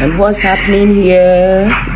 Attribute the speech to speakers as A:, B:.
A: And what's happening here?